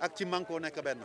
ak ci mànkoo nekk benn